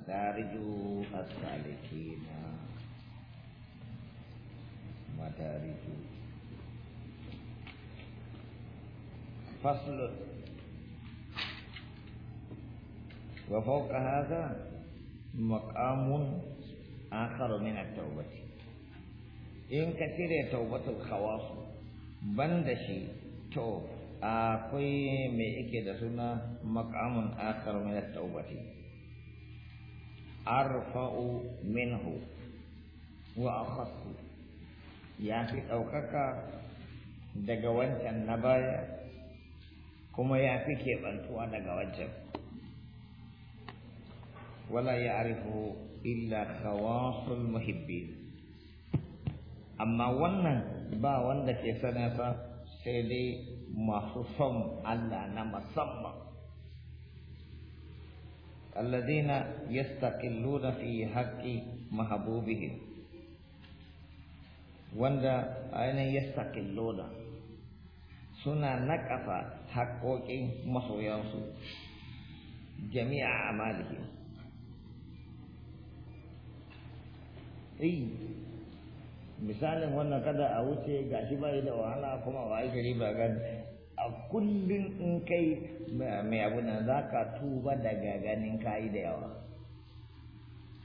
madariju as-salikina madariju faslun wa fawqa hadha maqamun akhar min at-taubah in kathira taubatul khawas bandashi to akwai me yake da suna maqamun akhar min at-taubah arfa'u minhu wa akhassu ya fi ɗaukaka daga wancan na baya kuma ya fi keɓantuwa daga wancan wala ya arifu illa khawasul muhibbi amma wannan ba wanda ke sanata sai dai masu son Allah na musamman alladzina yastaqilluna fi haqqi mahbubihi wanda aina yastaqilluna suna naqafa haqqoqin mahoyansu jami'a amalihi ai misalin wanda kada a wuce gashi bai da wahala kuma wai gari ba gani a kullum in kai mai abu za ka tuba daga ganin kayi da yawa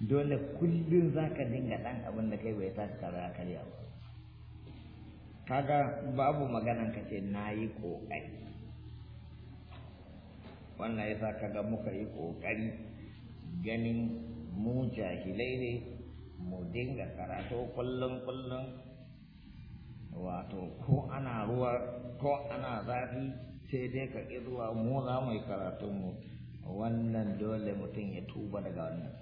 dole kullum za ka dinga ɗan abin da kai bai ta kara karya ba kaga babu maganan ka ce na yi ƙoƙari wannan yasa kaga muka yi ƙoƙari ganin mu jahilai ne mu dinga karatu kullum kullum wato ko ana ruwa ko ana zafi sai dai ka ƙi zuwa mu za mu yi karatunmu wannan dole mutum ya tuba daga wannan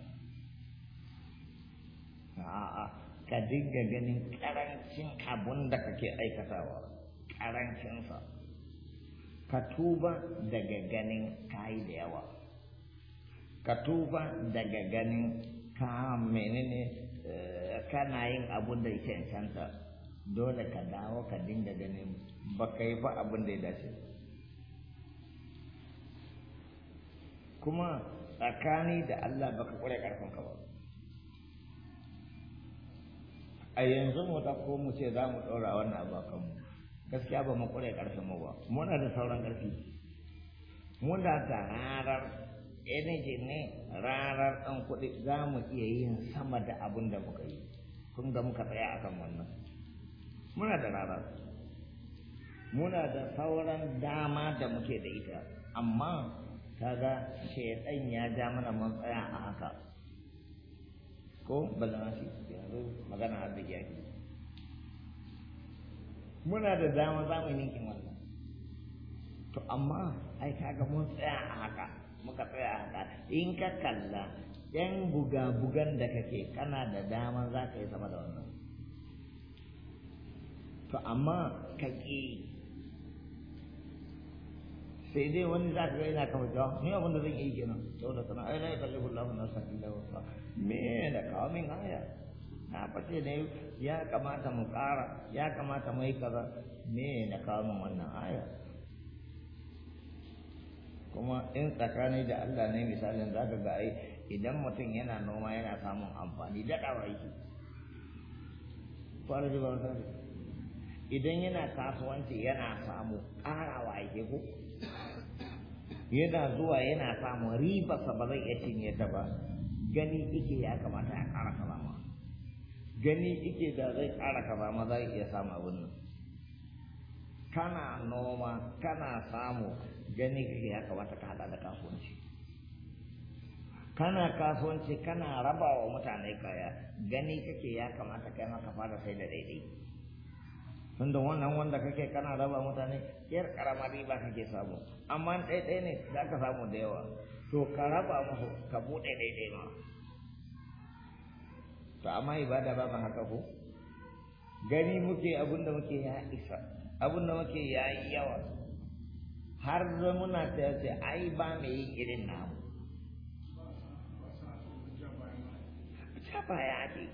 a'a ka dinga ganin karancin abun da kake aikatawa karancinsa ka tuba daga ganin kayi da yawa ka tuba daga ganin ka menene eh, kana yin abun da ya cancanta dole ka dawo ka dinga ganin ba ka yi ba abin da ya dace kuma tsakani da Allah ba ka ƙure ƙarfinka ba a yanzu mu ta ko mu ce za mu ɗora wannan abu a gaskiya ba mu ƙure mu ba muna da sauran ƙarfi muna da rarar energy ne rarar ɗan kuɗi za mu iya yin sama da abin da muka yi kun ga muka tsaya akan wannan muna da rana muna da sauran dama da muke da ita amma kaga shaidan ya ja mana mun tsaya a haka ko balance yanzu magana har da yaki muna da dama za mu ninkin wannan to amma ai kaga mun tsaya a haka muka tsaya a haka in ka kalla yan buga bugan da kake kana da dama za ka yi sama da wannan to amma ka ƙi sai dai wani za ka ga yana kama jawa ni abin da zan yi kenan saboda kana ai la yakallifu na nafsan illa wusa me da kawo min aya na fashe ne ya kamata mu ƙara ya kamata mu yi kaza me da kawo min wannan aya kuma in tsakani da Allah ne misalin za ka ga ai idan mutum yana noma yana samun amfani da ɗawaiki fara jiba wata idan yana kasuwanci yana samu ƙarawa ke ko yana zuwa yana samu ribarsa ba zai iya cinye ta ba gani ike ya kamata ya ƙara kaza ma gani ike da zai ƙara kaza ma zai iya samu abin nan kana noma kana samu gani kake ya kamata ka hada da kasuwanci kana kasuwanci kana raba wa mutane kaya gani kake ya kamata kai maka fara sai da daidai tunda wannan wanda kake kana raba mutane yar karama riba kake samu amma dai-dai ne za ka samu da yawa to ka raba musu ka buɗe ɗaiɗai ma to amma ibada ba ma haka ko gani muke abunda muke ya isa Abunda muke ya yawa har muna ta ce ai ba mai yi irin namu ta ya ce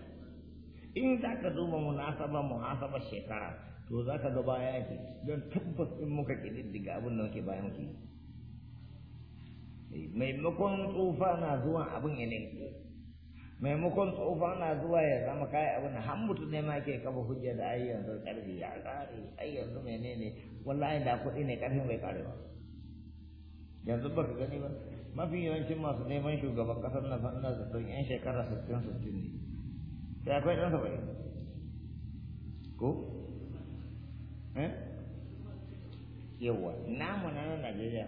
in za ka duba munasaba muhasaba shekara to za ka ga baya yake don tabbas in muka kididdiga abin da muke bayan muke eh, maimakon tsufa na zuwa abin ya ninko maimakon tsufa na zuwa ya zama kayan abin har mutum ne ma ke kafa hujja da ai yanzu karfi ya ƙare ai yanzu menene wallahi da kuɗi ne karfin bai kare ba yanzu ka gani ba mafi yawancin masu neman shugaban kasar na da zato 'yan shekara 60-60 ne sai akwai ɗan saba'in ko yawa namu na nan Najeriya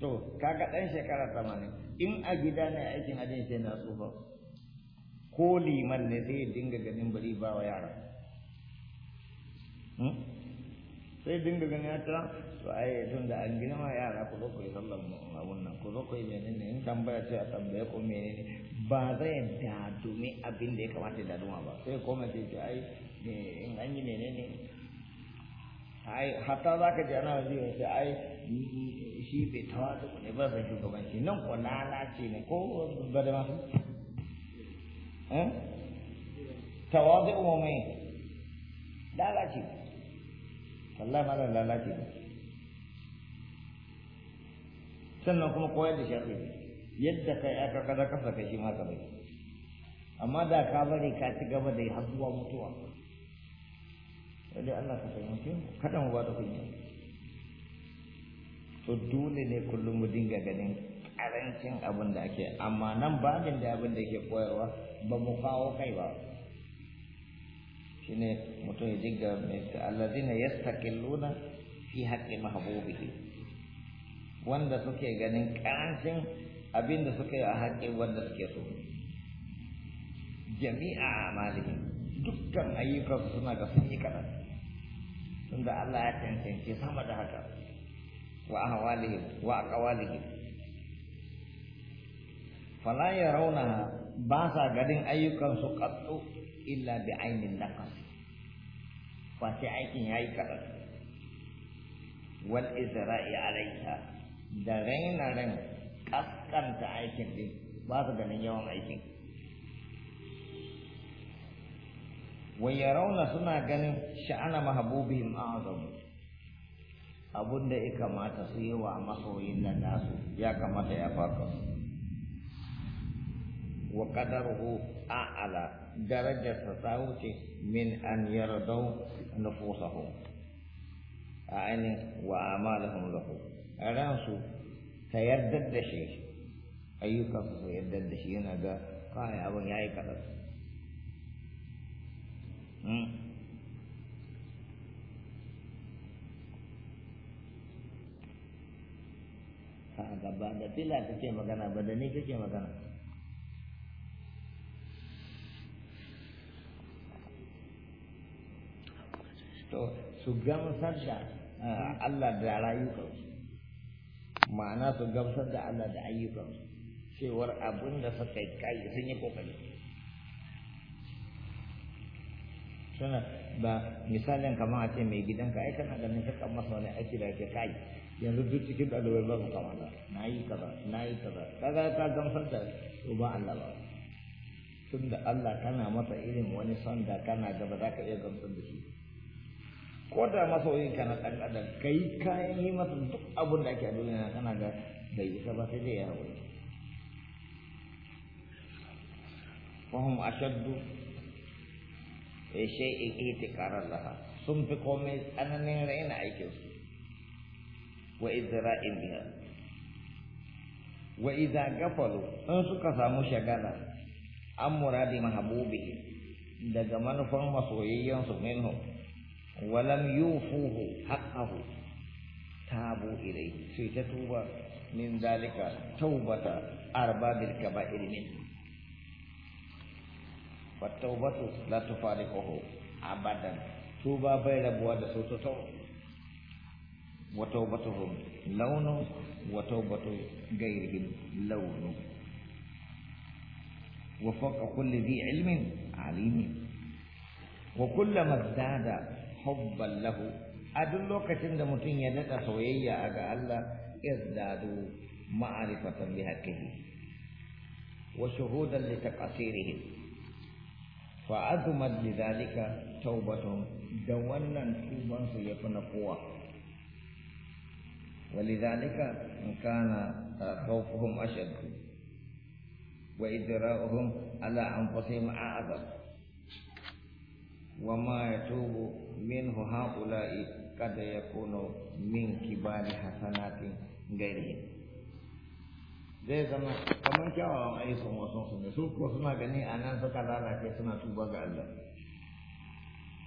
to kaga dan shekara 80 in a gida ne aikin ajin sai na tsufa ko liman ne sai dinga ganin bari ba wa yara sai dinga ganin ta to ai tun da an gina ma yara ku zo ku yi sallan abun nan ku zo ku yi menene in tambaya ce a tambaye ko menene ba zai dadumi abin da ya kamata da daduma ba sai koma ce ai in an yi menene ai hatta za ka ji ana zai wasu ai shi bai tawa da ne ba sai shugabanci nan ko lalace ne ko ba eh? da masu tawazi umumi lalace Allah ma lalace sannan kuma koyar da sharri yadda kai aka kada kasa kai shi ma ka bai amma da ka bari ka ci gaba da har zuwa mutuwa sai Allah ka taimake mu kada mu ba da kunya to dole ne kullum mu dinga ganin karancin abin da ake amma nan babin da abin da yake koyarwa ba mu kawo kai ba shine mutum ya dinga mai allazina yastakilluna fi haqqi mahbubihi wanda suke ganin karancin abin da suke a haƙƙin wanda suke so jami'a amalihim dukkan ayyukansu suna ga sun yi kaɗan da Allah ya cancanci sama da haka wa ahwalihim wa aqwalihim fala yarawna ba sa ganin ayyukan su qattu illa bi ainihin naqas fa sai aikin yayi kaɗan wal izra'i alaiha da rainaren kaskanta aikin din ba su ganin yawan aikin wa yarawna suna ganin sha'ana mahbubihim a'zam abunda ya kamata su yi wa masoyin nan nasu ya kamata ya farka wa qadaruhu a'ala darajarsa ta wuce min an yardau nufusahum a ainihin wa amalahum lahu ransu ta yardar da shi ayyukansu su yardar da shi yana ga kawai abin ya yi kaɗan haka hmm. ah, ba da fila kake magana ba da ni kake magana to su gamsar da ah, Allah da rayukansu ma'ana su gamsar da Allah da ayyukansu cewar abin da suka yi sun yi kokari suna ba misalin kamar a ce mai gidan ka kana ganin nan masa wani aiki da ke kai yanzu duk cikin ɗalibai ba mu kamata na yi kaza na yi kaza kaga ta gamsar da to ba Allah ba tun da Allah kana masa irin wani son da kana gaba za ka iya gamsar da shi ko da masoyin kana ɗan adam kai kayan yi masa duk abin da ake a duniya kana ga bai isa ba sai dai ya haƙuri fi shay'in itikaran laha sun fi komai tsananin raina aikin su wa idra'in biha wa idza gafalu in suka samu shagala an muradi mahabubi daga manufan masoyayyan su minhu wa lam yufuhu haqqahu tabu ilayhi sai ta tuba min dalika taubata bil kaba'ir min فالتوبة لا تفارقه أبدا توبة بين بواد سوتو وتوبتهم لون وتوبة غيرهم لون وفوق كل ذي علم عليم وكلما ازداد حبا له ادلو كتن دمتن يدك سويا أجا الله ازدادوا معرفة بحقه وشهودا لتقصيرهم fa'azumat lidhalika taubatun da wannan tuban su ya fi na kowa walidhalika in kana ah, khawfuhum ashad wa idra'uhum ala anfusihim a'azam wa ma yatubu minhu haula'i kada yakunu min kibali hasanatin gari. zai zama kamar kyawawan ayyukan wasu su ne su ko suna gani a nan suka lalace suna tuba ga Allah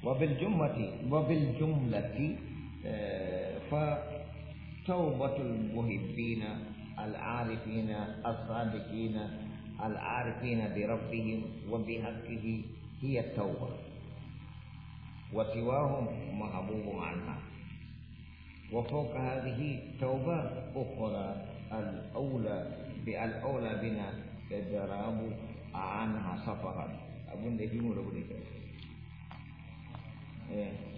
wa bil jumlati wa bil jumlati fa tawbatul muhibbina al arifina as sadiqina al arifina bi rabbihim wa bi haqqihi hiya tawba wa siwahum mahbubun anha وفوق هذه توبة أخرى al'aula bina idrabu anha safahan abun da fi mu rabu da kai eh